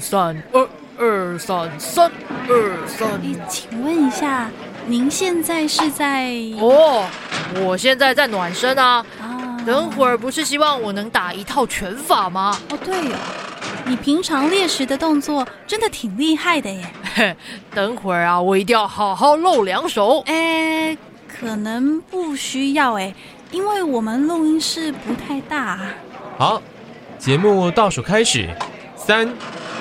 三二二三三二三。你、欸、請問一下，您現在是在？哦，我現在在暖身啊。啊，等會兒不是希望我能打一套拳法嗎？哦，對哦，你平常獵食的動作真的挺厲害的耶。等會兒啊，我一定要好好露兩手、欸。可能不需要哎，因為我們錄音室不太大、啊。好，節目倒數開始，三。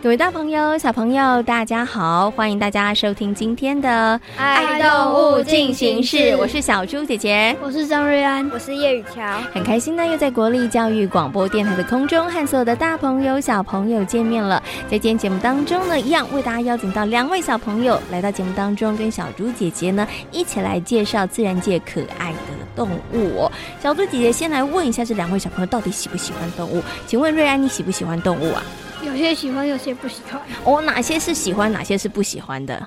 各位大朋友、小朋友，大家好！歡迎大家收聽今天的《愛動物進行式》，我是小豬姐姐，我是張瑞安，我是葉雨喬。很開心呢，又在國立教育廣播電台的空中和所有的大朋友、小朋友見面了。在今天節目當中呢，一樣為大家邀請到兩位小朋友來到節目當中，跟小豬姐姐呢一起來介紹自然界可愛的動物。小豬姐姐先來問一下，這兩位小朋友到底喜不喜歡動物？請問瑞安，你喜不喜歡動物啊？有些喜歡，有些不喜歡。哦，哪些是喜歡，哪些是不喜歡的？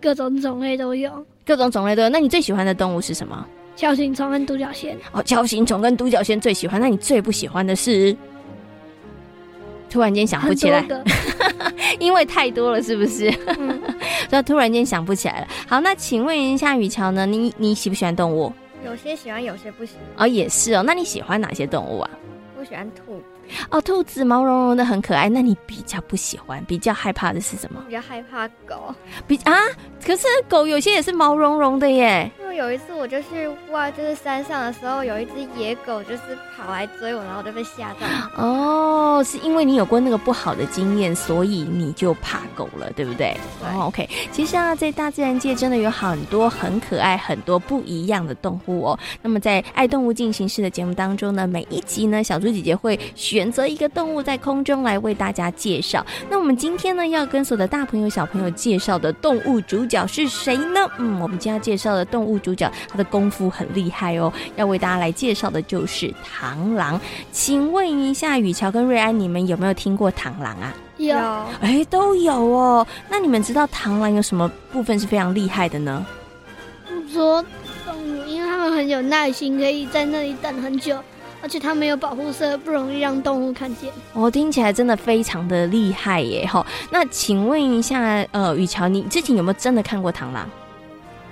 各種種類都有。各種種類都有。那你最喜歡的動物是什麼？鍬形蟲、哦、蟲跟獨角仙。哦，鍬形蟲跟獨角仙最喜歡。那你最不喜歡的是？突然間想不起來。 因為太多了，是不是？所、嗯、以 突然間想不起來了。好，那請問一下雨喬呢？你你喜不喜歡動物？有些喜歡，有些不喜歡。哦，也是哦。那你喜歡哪些動物啊？不喜歡兔。哦，兔子毛茸茸的很可愛。那你比較不喜歡、比較害怕的是什麼？比較害怕狗。比啊，可是狗有些也是毛茸茸的耶。因為有一次我就去、是、哇，就是山上的時候，有一只野狗就是跑來追我，然後都就被嚇到。哦，是因為你有過那個不好的經驗，所以你就怕狗了，對不對？對哦，OK。其實啊，在大自然界真的有很多很可愛、很多不一樣的動物哦。那麼在《愛動物進行式》的節目當中呢，每一集呢，小豬姐姐會學。選擇一個動物在空中來為大家介紹。那我們今天呢，要跟所有的大朋友小朋友介紹的動物主角是誰呢？嗯，我們今天要介紹的動物主角，他的功夫很厲害哦。要為大家來介紹的就是螳螂。請問一下，雨喬跟瑞安，你們有沒有聽過螳螂啊？有。哎、欸，都有哦。那你們知道螳螂有什麼部分是非常厲害的呢？不說動物，因為他們很有耐心，可以在那裡等很久。而且它沒有保護色，不容易讓動物看見。哦，聽起來真的非常的厲害耶！吼、哦，那請問一下，呃，雨喬，你之前有沒有真的看過螳螂？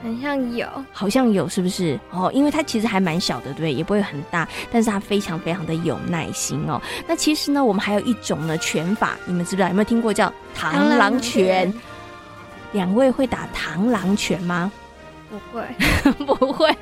很像有，好像有，是不是？哦，因為它其實還蠻小的，對，也不會很大，但是它非常非常的有耐心哦。那其實呢，我們還有一種的拳法，你們知不知道？有沒有聽過叫螳螂拳？兩位會打螳螂拳嗎？不會， 不會。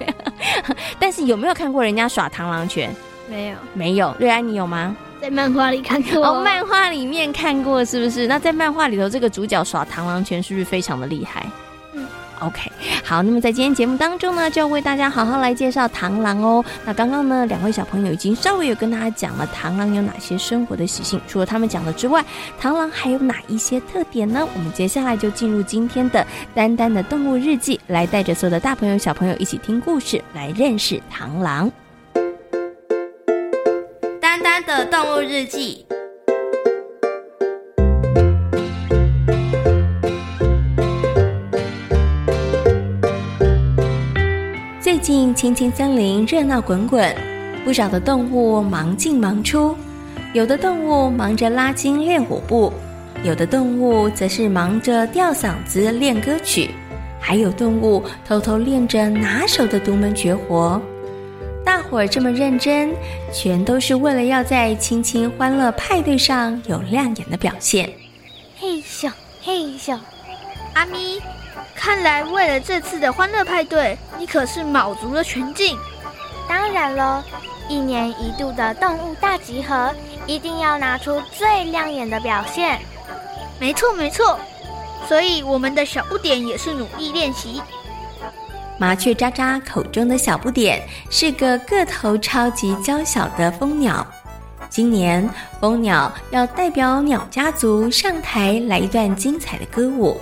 但是有沒有看過人家耍螳螂拳？沒有，沒有，瑞安，你有嗎？在漫畫裡看過哦，漫畫裡面看過是不是？那在漫畫裡頭，這個主角耍螳螂拳是不是非常的厲害？嗯，OK，好，那麼在今天節目當中呢，就要為大家好好來介紹螳螂哦。那剛剛呢，兩位小朋友已經稍微有跟大家講了螳螂有哪些生活的習性。除了他們講的之外，螳螂還有哪一些特點呢？我們接下來就進入今天的丹丹的動物日記，來帶着所有的大朋友小朋友一起聽故事，來認識螳螂。《動物日記》最近，青青森林熱鬧滾滾，不少的動物忙進忙出。有的動物忙着拉筋練舞步，有的動物則是忙着吊嗓子練歌曲，還有動物偷偷練着拿手的獨門絕活。大伙兒這麼認真，全都是為了要在親親歡樂派對上有亮眼的表現。嘿咻嘿咻，阿咪，看來為了這次的歡樂派對，你可是卯足了全勁。當然囉，一年一度的動物大集合，一定要拿出最亮眼的表現。沒錯沒錯，所以我們的小不點也是努力練習。麻雀喳喳口中的小不點是個個頭超級嬌小的蜂鳥。今年蜂鳥要代表鳥家族上台來一段精彩的歌舞。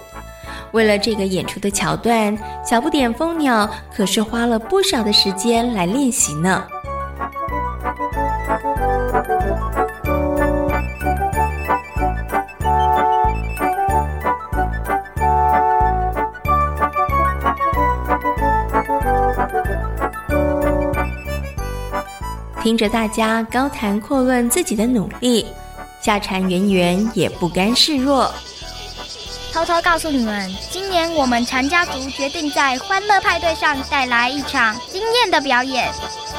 為了這個演出的橋段，小不點蜂鳥可是花了不少的時間來練習呢。聽着大家高談闊論自己的努力，夏蟬圓圓也不甘示弱。偷偷告訴你們，今年我們蟬家族決定在歡樂派對上帶來一場驚艷的表演。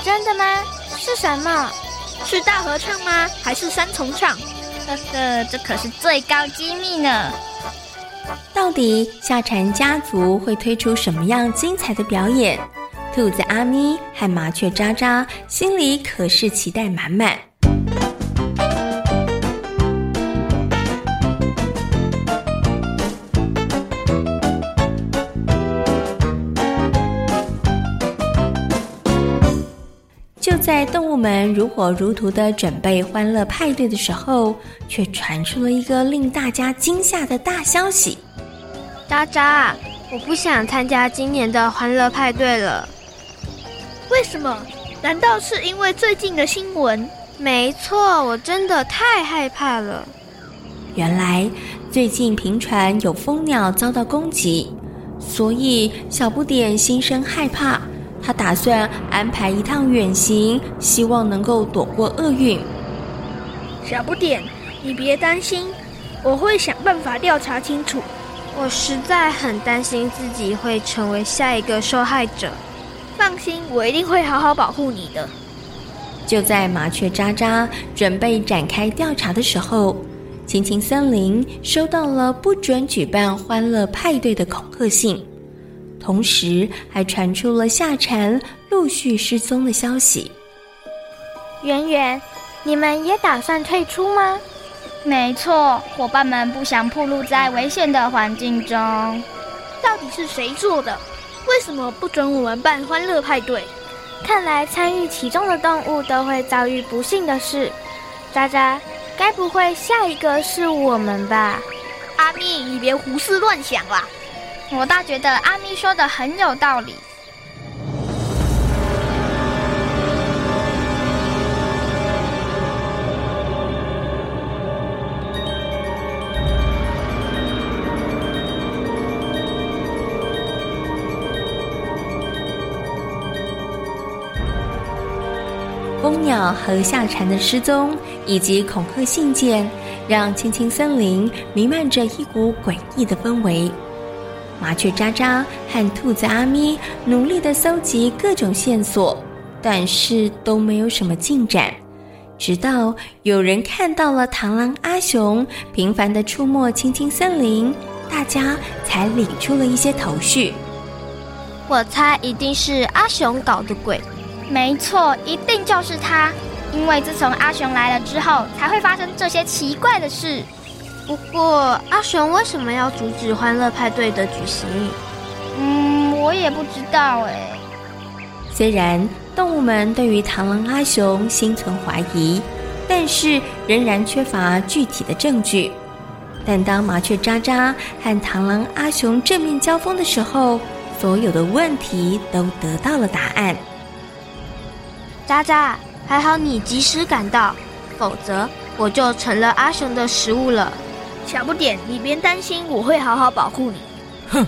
真的嗎？是什麼？是大合唱嗎？還是三重唱？呵呵，這可是最高機密呢。到底夏蟬家族會推出什麼樣精彩的表演？兔子阿咪和麻雀渣渣心裡可是期待滿滿。就在動物們如火如荼的準備歡樂派對的時候，卻傳出了一個令大家驚嚇的大消息：渣渣，我不想參加今年的歡樂派對了。為什麼？難道是因為最近的新聞？沒錯，我真的太害怕了。原來最近頻傳有蜂鳥遭到攻擊，所以小不點心生害怕。他打算安排一趟遠行，希望能夠躲過厄運。小不點，你別擔心，我會想辦法調查清楚。我實在很擔心自己會成為下一個受害者。放心，我一定會好好保護你的。就在麻雀喳喳準備展開調查的時候，青青森林收到了不准舉辦歡樂派對的恐嚇信，同時還傳出了夏蟬陸續失蹤的消息。圓圓，你們也打算退出嗎？沒錯，夥伴們不想暴露在危險的環境中。到底是誰做的？為什麼不准我們辦歡樂派對？看來參與其中的動物都會遭遇不幸的事。渣渣，該不會下一個是我們吧？阿咪，你別胡思亂想啦。我倒覺得阿咪說的很有道理。鳥和夏蟬的失蹤，以及恐嚇信件，讓青青森林瀰漫着一股詭異的氛圍。麻雀喳喳和兔子阿咪努力地蒐集各種線索，但是都沒有什麼進展。直到有人看到了螳螂阿雄頻繁地出沒青青森林，大家才理出了一些頭緒。我猜一定是阿雄搞的鬼。沒錯，一定就是他，因為自從阿雄來了之後，才會發生這些奇怪的事。不過，阿雄為什麼要阻止歡樂派對的舉行？嗯，我也不知道哎。雖然動物們對於螳螂阿雄心存懷疑，但是仍然缺乏具體的證據。但當麻雀渣渣和螳螂阿雄正面交鋒的時候，所有的問題都得到了答案。渣渣，還好你及時趕到，否則我就成了阿雄的食物了。小不點，你別擔心，我會好好保護你。哼，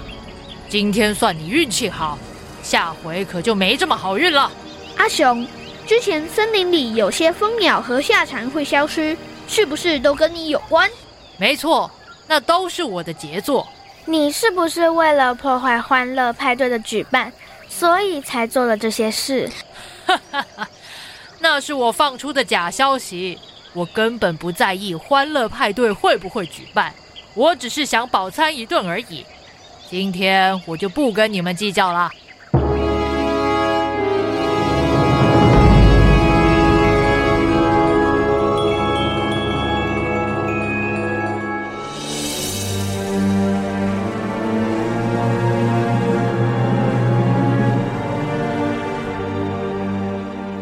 今天算你運氣好，下回可就沒這麼好運了。阿雄，之前森林裡有些蜂鳥和夏蟬會消失，是不是都跟你有關？沒錯，那都是我的傑作。你是不是為了破壞歡樂派對的舉辦，所以才做了這些事？哈哈。那是我放出的假消息，我根本不在意歡樂派對會不會舉辦，我只是想飽餐一頓而已。今天我就不跟你們計較了。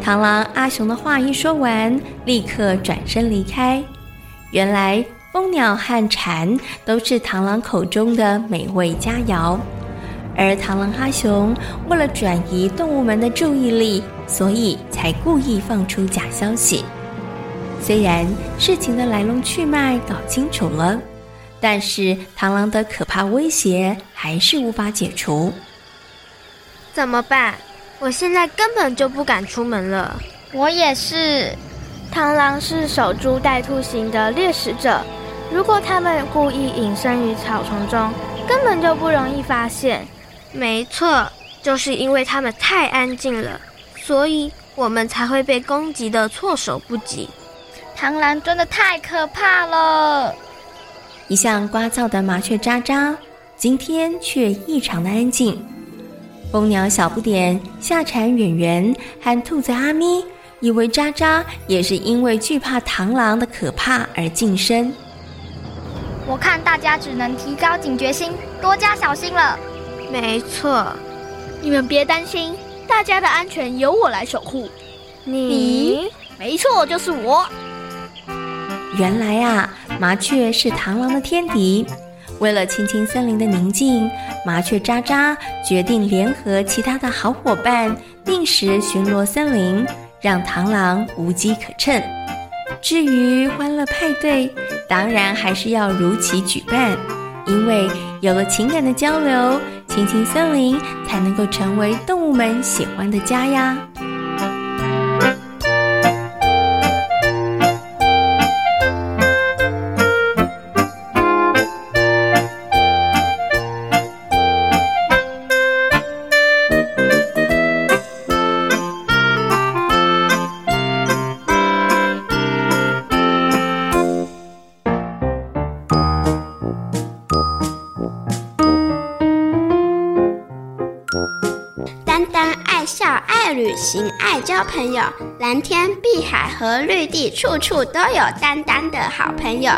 螳螂阿雄的話一說完，立刻轉身離開。原來蜂鳥和蟬都是螳螂口中的美味佳餚，而螳螂阿雄為了轉移動物們的注意力，所以才故意放出假消息。雖然事情的來龍去脈搞清楚了，但是螳螂的可怕威脅還是無法解除。怎麼辦？我現在根本就不敢出門了。我也是。螳螂是守株待兔型的獵食者，如果它們故意隱身於草叢中，根本就不容易發現。沒錯，就是因為它們太安靜了，所以我們才會被攻擊得措手不及。螳螂真的太可怕了。一向聒噪的麻雀喳喳，今天卻異常的安靜。蜂鳥小不點、夏蟬遠遠和兔子阿咪以為渣渣也是因為懼怕螳螂的可怕而噤聲。我看大家只能提高警覺心，多加小心了。沒錯，你們別擔心，大家的安全由我來守護。你？你沒錯，就是我。原來啊，麻雀是螳螂的天敵。為了青青森林的寧靜，麻雀喳喳決定聯合其他的好夥伴，定時巡邏森林，讓螳螂無機可乘。至於歡樂派對，當然還是要如期舉辦，因為有了情感的交流，青青森林才能夠成為動物們喜歡的家呀。丹丹愛笑，愛旅行，愛交朋友。藍天、碧海和綠地，處處都有丹丹的好朋友。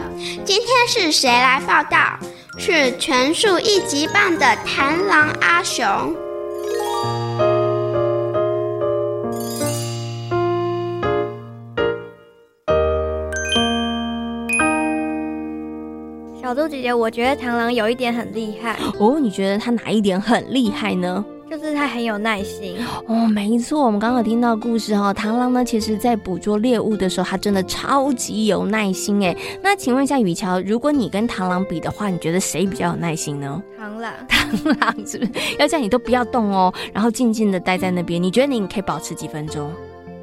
今天是誰來報到？是拳術一級棒的螳螂阿雄。小周姐姐，我覺得螳螂有一點很厲害哦。你覺得它哪一點很厲害呢？就是他很有耐心哦，沒錯，我們剛剛有聽到的故事哦，螳螂呢，其實在捕捉獵物的時候，它真的超級有耐心哎。那請問一下雨喬，如果你跟螳螂比的話，你覺得誰比較有耐心呢？螳螂，螳螂是不是要叫你都不要動哦，然後靜靜的待在那邊、嗯？你覺得你可以保持幾分鐘？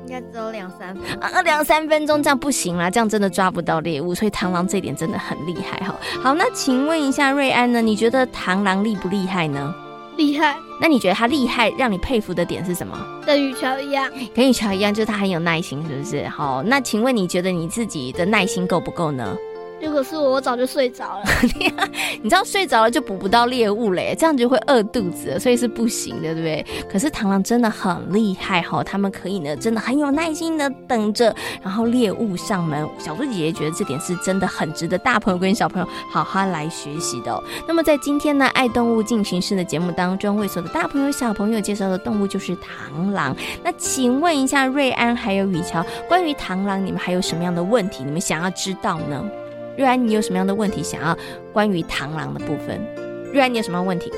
應該只有兩三分鐘啊，兩三分鐘這樣不行啦，這樣真的抓不到獵物。所以螳螂這點真的很厲害哈、哦。好，那請問一下瑞安呢？你覺得螳螂厲不厲害呢？厲害，那你覺得他厲害，讓你佩服的點是什麼？跟雨喬一樣，跟雨喬一樣，就是他很有耐心，是不是？好，那請問你覺得你自己的耐心夠不夠呢？如果是我，我早就睡着了。 你知道睡着了就捕不到獵物嘞，這樣就會餓肚子了，所以是不行的，對不對？可是螳螂，螂真的很厲害哈，他、哦、們可以呢，真的很有耐心的等着，然後獵物上門。小豬姐姐覺得這點是真的很值得大朋友跟小朋友好好來學習的、哦。那麼在今天呢，《愛動物進行式》的節目當中，為所有的大朋友小朋友介紹的動物就是螳螂。那請問一下瑞安還有雨喬，關於螳螂，你們還有什麼樣的問題你們想要知道呢？瑞安，你有什麼樣的問題想要關於螳螂的部分？瑞安，你有什麼問題？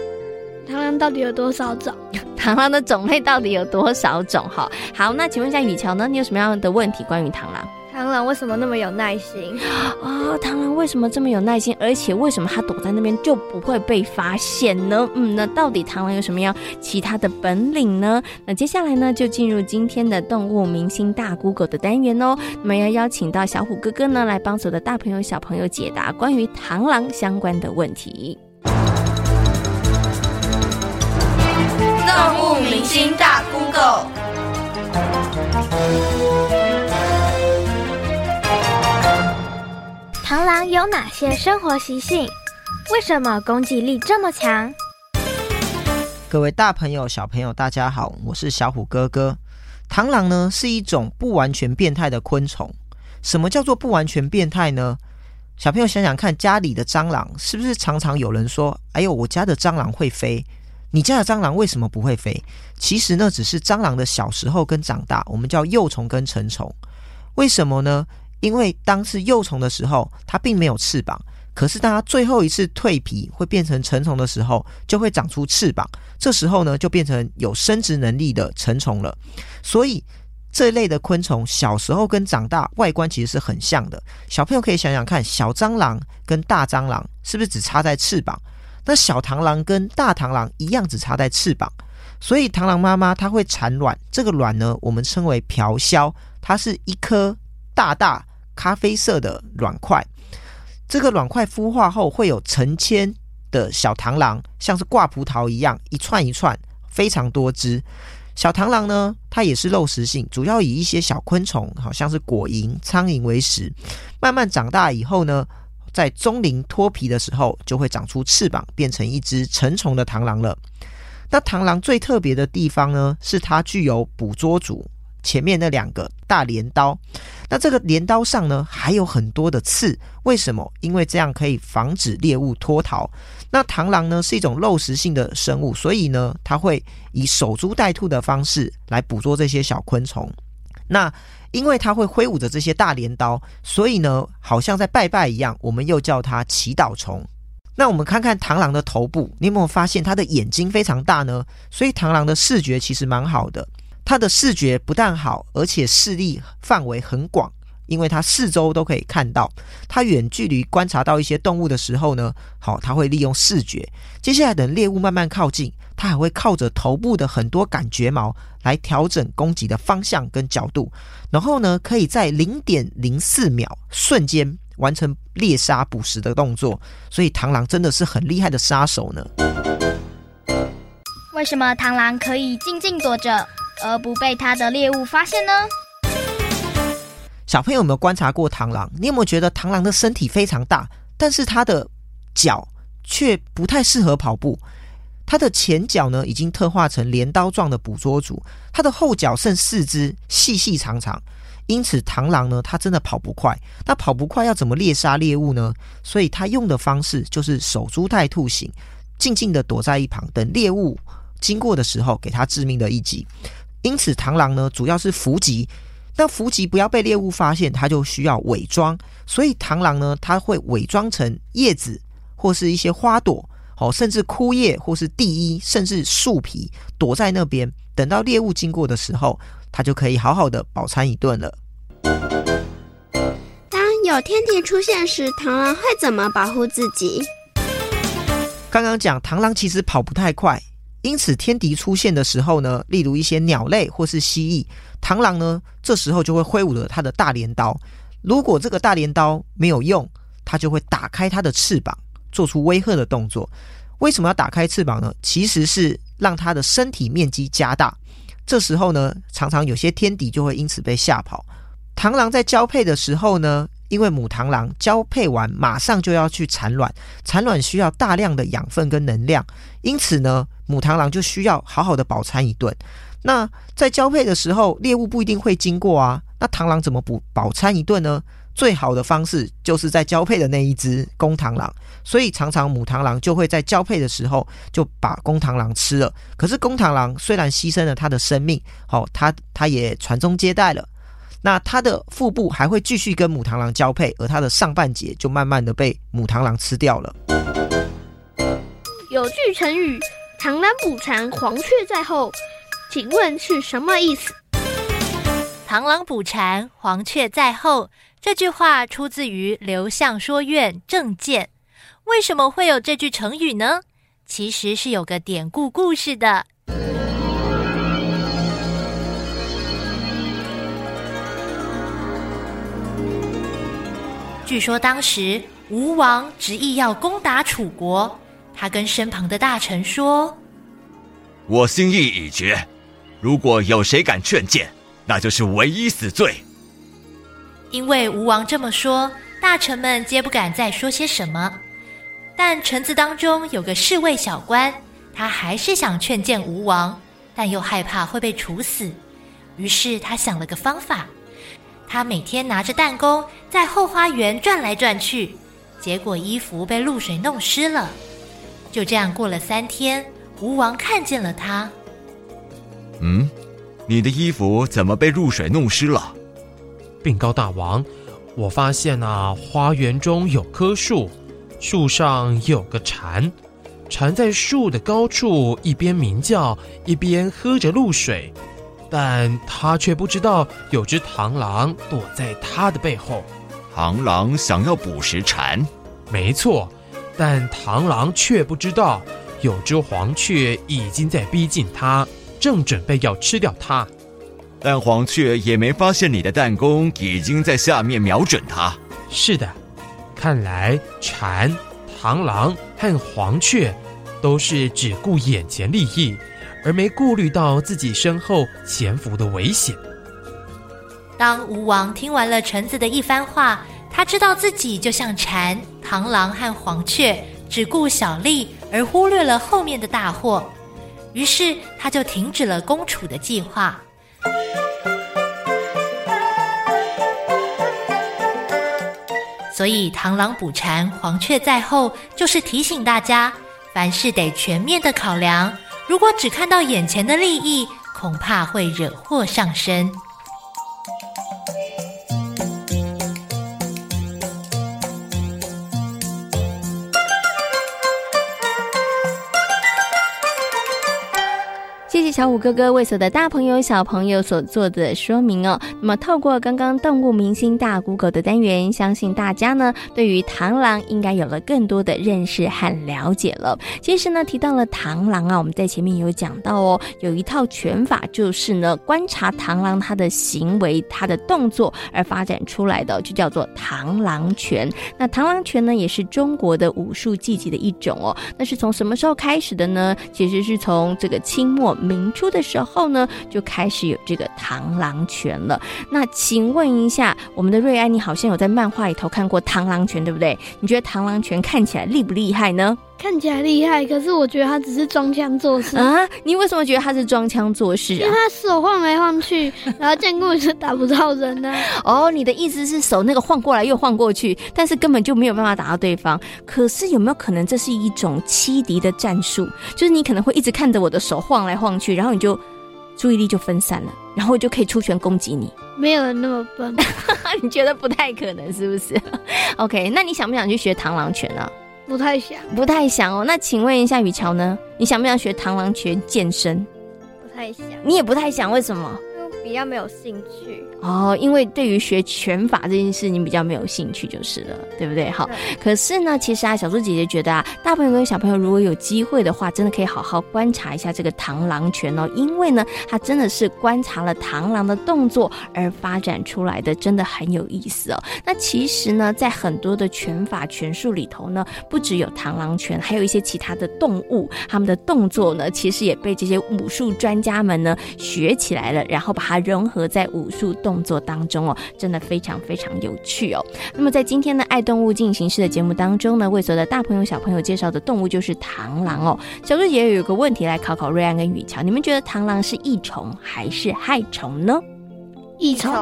螳螂到底有多少種？ 螳螂的種類到底有多少種？哈，好，那請問一下雨喬呢？你有什麼樣的問題關於螳螂？螳螂為什麼那麼有耐心啊、哦？螳螂為什麼這麼有耐心？而且為什麼它躲在那邊就不會被發現呢？嗯，那到底螳螂有什麼樣其他的本領呢？那接下來呢，就進入今天的動物明星大 Google 的單元哦。我們要邀請到小虎哥哥呢，來幫所有的大朋友小朋友解答關於螳螂相關的問題。動物明星大。螳螂有哪些生活習性？為什麼攻擊力這麼強？各位大朋友、小朋友，大家好，我是小虎哥哥。螳螂呢是一種不完全變態的昆蟲。什麼叫做不完全變態呢？小朋友想想看，家裡的蟑螂是不是常常有人說：“哎呦，我家的蟑螂會飛？”你家的蟑螂為什麼不會飛？其實呢，只是蟑螂的小時候跟長大，我們叫幼蟲跟成蟲。為什麼呢？因為當是幼蟲的時候，它並沒有翅膀；可是當它最後一次蛻皮，會變成成蟲的時候，就會長出翅膀。這時候呢，就變成有生殖能力的成蟲了。所以，這一類的昆蟲小時候跟長大外觀其實是很像的。小朋友可以想想看，小蟑螂跟大蟑螂是不是只差在翅膀？那小螳螂跟大螳螂一樣，只差在翅膀。所以，螳螂媽媽它會產卵，這個卵呢，我們稱為螵蛸，它是一顆大大，咖啡色的卵塊，這個卵塊孵化後會有成千的小螳螂，像是掛葡萄一樣一串一串，非常多隻。小螳螂呢，它也是肉食性，主要以一些小昆蟲，好像是果蠅、蒼蠅為食。慢慢長大以後呢，在終齡脫皮的時候，就會長出翅膀，變成一隻成蟲的螳螂了。那螳螂最特別的地方呢，是它具有捕捉足前面那兩個大鐮刀。那這個鐮刀上呢，還有很多的刺，為什麼？因為這樣可以防止獵物脫逃。那螳螂呢，是一種肉食性的生物，所以呢，它會以守株待兔的方式來捕捉這些小昆蟲。那因為它會揮舞着這些大鐮刀，所以呢，好像在拜拜一樣，我們又叫它祈禱蟲。那我們看看螳螂的頭部，你有沒有發現它的眼睛非常大呢？所以螳螂的視覺其實蠻好的。它的視覺不但好，而且視力範圍很廣，因為它四周都可以看到。它遠距離觀察到一些動物的時候呢，好、哦，它會利用視覺。接下來等獵物慢慢靠近，它還會靠着頭部的很多感覺毛來調整攻擊的方向跟角度。然後呢，可以在零點零四秒瞬間完成獵殺捕食的動作。所以螳螂真的是很厲害的殺手呢。為什麼螳螂可以靜靜躲着？而不被他的獵物發現呢？小朋友有沒有觀察過螳螂？你有沒有覺得螳螂的身體非常大，但是它的腳卻不太適合跑步？它的前腳呢，已經特化成鐮刀狀的捕捉足，它的後腳剩四只，細細長長。因此，螳螂呢，它真的跑不快。那跑不快要怎麼獵殺獵物呢？所以它用的方式就是守株待兔型，靜靜地躲在一旁，等獵物經過的時候，給它致命的一擊。因此，螳螂呢，主要是伏擊，那伏擊不要被獵物發現，它就需要偽裝。所以，螳螂呢，它會偽裝成葉子或是一些花朵，哦，甚至枯葉或是地衣，甚至樹皮，躲在那邊，等到獵物經過的時候，它就可以好好的飽餐一頓了。當有天敵出現時，螳螂會怎麼保護自己？剛剛講，螳螂其實跑不太快。因此，天敵出現的時候呢，例如一些鳥類或是蜥蜴、螳螂呢，這時候就會揮舞着它的大鐮刀。如果這個大鐮刀沒有用，它就會打開它的翅膀，做出威嚇的動作。為什麼要打開翅膀呢？其實是讓它的身體面積加大。這時候呢，常常有些天敵就會因此被嚇跑。螳螂在交配的時候呢，因為母螳螂交配完馬上就要去產卵，產卵需要大量的養分跟能量，因此呢，母螳螂就需要好好的飽餐一頓。那在交配的時候，獵物不一定會經過啊，那螳螂怎麼補飽餐一頓呢？最好的方式就是在交配的那一隻公螳螂，所以常常母螳螂就會在交配的時候就把公螳螂吃了。可是公螳螂雖然犧牲了他的生命，好、哦，它他，他也傳宗接代了。那它的腹部還會繼續跟母螳螂交配，而它的上半截就慢慢的被母螳螂吃掉了。有句成語“螳螂捕蟬，黃雀在後”，請問是什麼意思？“螳螂捕蟬，黃雀在後”這句話出自於《劉向說苑正見》。為什麼會有這句成語呢？其實是有個典故故事的。據說當時吳王執意要攻打楚國，他跟身旁的大臣說：“我心意已決，如果有誰敢勸諫，那就是唯一死罪。”因為吳王這麼說，大臣們皆不敢再說些什麼。但臣子當中有個侍衛小官，他還是想勸諫吳王，但又害怕會被處死，於是他想了個方法。他每天拿着彈弓在後花園轉來轉去，結果衣服被露水弄濕了。就這樣過了三天，吳王看見了他。嗯，你的衣服怎麼被露水弄濕了？稟告大王，我發現啊，花園中有棵樹，樹上有個蟬，蟬在樹的高處一邊鳴叫，一邊喝着露水。但他卻不知道有隻螳螂躲在他的背後。螳螂想要捕食蟬，沒錯，但螳螂卻不知道有隻黃雀已經在逼近他，正準備要吃掉他。但黃雀也沒發現你的彈弓已經在下面瞄準他。是的，看來蟬、螳螂和黃雀都是只顧眼前利益。而沒顧慮到自己身後潛伏的危險。當吳王聽完了臣子的一番話，他知道自己就像蟬、螳螂和黃雀，只顧小利而忽略了後面的大禍，於是他就停止了攻楚的計劃。所以，螳螂捕蟬，黃雀在後，就是提醒大家，凡事得全面的考量。如果只看到眼前的利益，恐怕會惹禍上身。小五哥哥為所的大朋友、小朋友所做的說明哦。那麼，透過剛剛動物明星大估狗的單元，相信大家呢對於螳螂應該有了更多的認識和了解了。其實呢，提到了螳螂啊，我們在前面有講到哦，有一套拳法，就是呢觀察螳螂它的行為、它的動作而發展出來的，就叫做螳螂拳。那螳螂拳呢，也是中國的武術技擊的一種哦。那是從什麼時候開始的呢？其實是從這個清末民出的時候呢，就開始有這個螳螂拳了。那請問一下，我們的瑞安，你好像有在漫畫裡頭看過螳螂拳，對不對？你覺得螳螂拳看起來厲不厲害呢？看起來厲害，可是我覺得他只是裝腔作勢啊！你為什麼覺得他是裝腔作勢？啊、因為他手晃來晃去，然後見過棍是打不到人呢、啊。 哦，你的意思是手那個晃過來又晃過去，但是根本就沒有辦法打到對方。可是有沒有可能這是一種欺敵的戰術？就是你可能會一直看着我的手晃來晃去，然後你就注意力就分散了，然後就可以出拳攻擊你。沒有人那麼笨， 你覺得不太可能是不是？OK，那你想不想去學螳螂拳啊？不太想，不太想哦。那請問一下雨喬呢？你想不想學螳螂拳健身？不太想，你也不太想，為什麼？比較沒有興趣哦，因為對於學拳法這件事你比較沒有興趣就是了，對不對？好，可是呢，其實啊，小豬姐姐覺得啊，大朋友跟小朋友如果有機會的話，真的可以好好觀察一下這個螳螂拳哦，因為呢，它真的是觀察了螳螂的動作而發展出來的，真的很有意思哦。那其實呢，在很多的拳法拳術裡頭呢，不只有螳螂拳，還有一些其他的動物，他們的動作呢，其實也被這些武術專家們呢學起來了，然後把他融合在武術動作當中哦，真的非常非常有趣哦。那麼在今天的《愛動物進行式》的節目當中呢，為所有的大朋友小朋友介紹的動物就是螳螂哦。小瑞姐有一個問題來考考瑞安跟雨喬，你們覺得螳螂是益蟲還是害蟲呢？益蟲，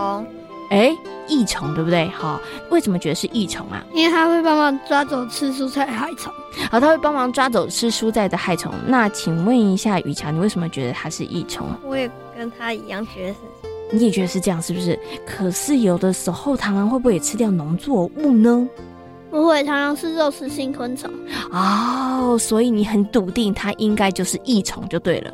哎、欸，益蟲對不對？好、哦，為什麼覺得是益蟲啊？因為它會幫忙抓走吃蔬菜的害蟲。好，它會幫忙抓走吃蔬菜的害蟲。那請問一下雨喬，你為什麼覺得它是益蟲？我也。跟他一樣覺得是，你也覺得是這樣，是不是？可是有的時候螳螂會不會也吃掉農作物呢？不會，螳螂是肉食性昆蟲。哦，所以你很篤定它應該就是益蟲就對了，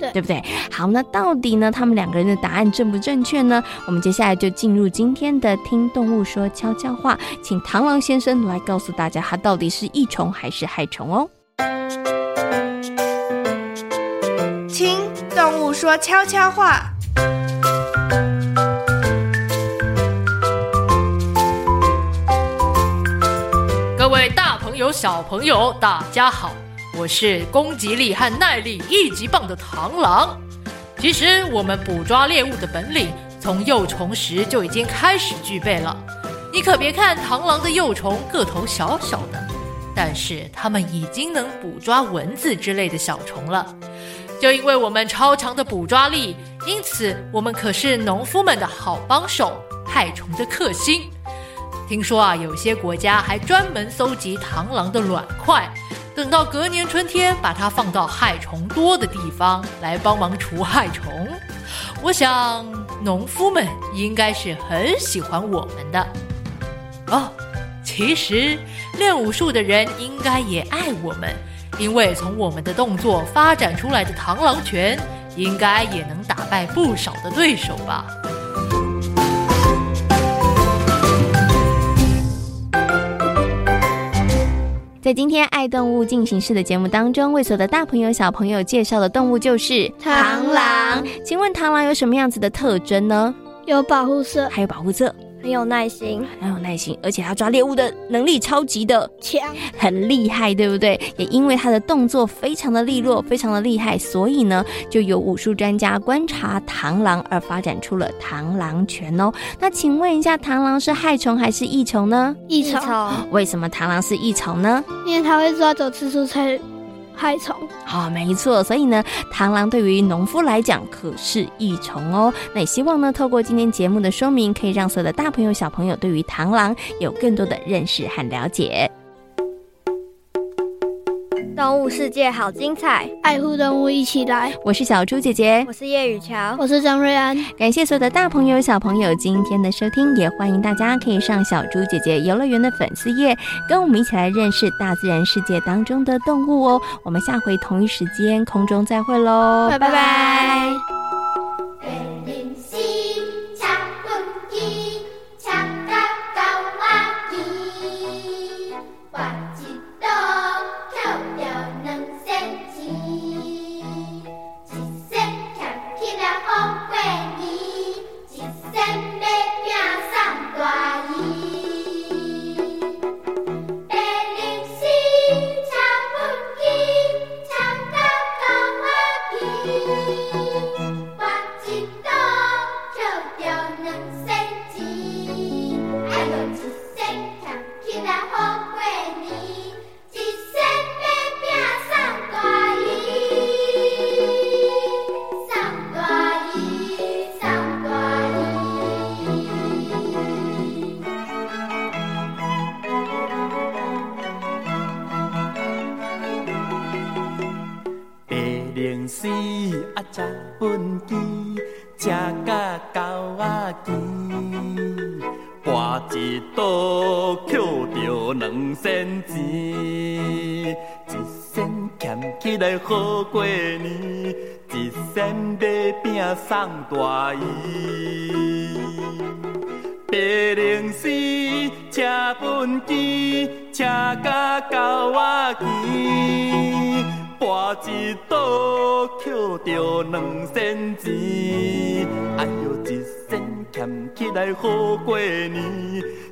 對，對不對？好，那到底呢？他們兩個人的答案正不正確呢？我們接下來就進入今天的聽動物說悄悄話，請螳螂先生來告訴大家，它到底是益蟲還是害蟲哦、喔。不說悄悄話。各位大朋友、小朋友，大家好，我是攻擊力和耐力一級棒的螳螂。其實，我們捕抓獵物的本領，從幼蟲時就已經開始具備了。你可別看螳螂的幼蟲個頭小小的，但是它們已經能捕抓蚊子之類的小蟲了。就因為我們超強的捕抓力，因此我們可是農夫們的好幫手，害蟲的克星。聽說啊，有些國家還專門蒐集螳螂的卵塊，等到隔年春天把它放到害蟲多的地方來幫忙除害蟲。我想，農夫們應該是很喜歡我們的。哦，其實練武術的人應該也愛我們。因為從我們的動作發展出來的螳螂拳，應該也能打敗不少的對手吧。在今天《愛動物進行式》的節目當中，為所有的大朋友、小朋友介紹的動物就是螳螂。請問螳螂有什麼樣子的特徵呢？有保護色，還有保護色。很有耐心，很有耐心，而且他抓獵物的能力超級的強，很厲害，對不對？也因為他的動作非常的利落，非常的厲害，所以呢，就有武術專家觀察螳螂而發展出了螳螂拳哦。那請問一下，螳螂是害蟲還是益蟲呢？益蟲。為什麼螳螂是益蟲呢？因為它會抓走吃蔬菜。害蟲啊，沒錯，所以呢，螳螂對於農夫來講可是益蟲哦。那也希望呢，透過今天節目的說明，可以讓所有的大朋友小朋友對於螳螂有更多的認識和了解。動物世界好精彩，愛護動物一起來。我是小豬姐姐，我是葉雨喬，我是張瑞安。感謝所有的大朋友、小朋友今天的收聽，也歡迎大家可以上小豬姐姐遊樂園的粉絲頁，跟我們一起來認識大自然世界當中的動物哦。我們下回同一時間空中再會嘍，拜拜。兩仙錢，一仙儉起來好過年，一仙買餅送大姨。白靈絲、車本機、車甲狗仔騎，博一賭撿着兩仙錢，哎喲，一仙儉起來好過年。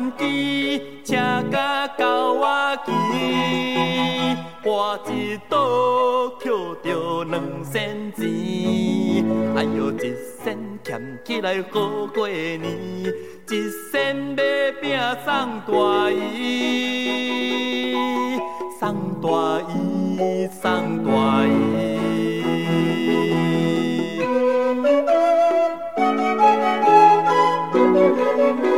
畚箕、車仔、狗仔騎，我一倒撿着兩仙錢。哎呦，一仙儉起來好過年，一仙買餅送大姨，送大姨，送大姨。